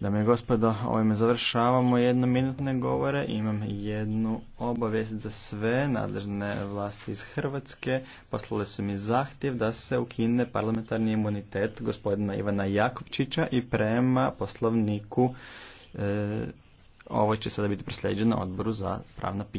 Dame i gospodo, ovime završavamo jednominutne govore. Imam jednu obavijest za sve nadležne vlasti iz Hrvatske. Poslale su mi zahtjev da se ukine parlamentarni imunitet gospodina Ivana Jakovčića i prema poslovniku e, ovo će sada biti proslijeđen odboru za pravna pitanja.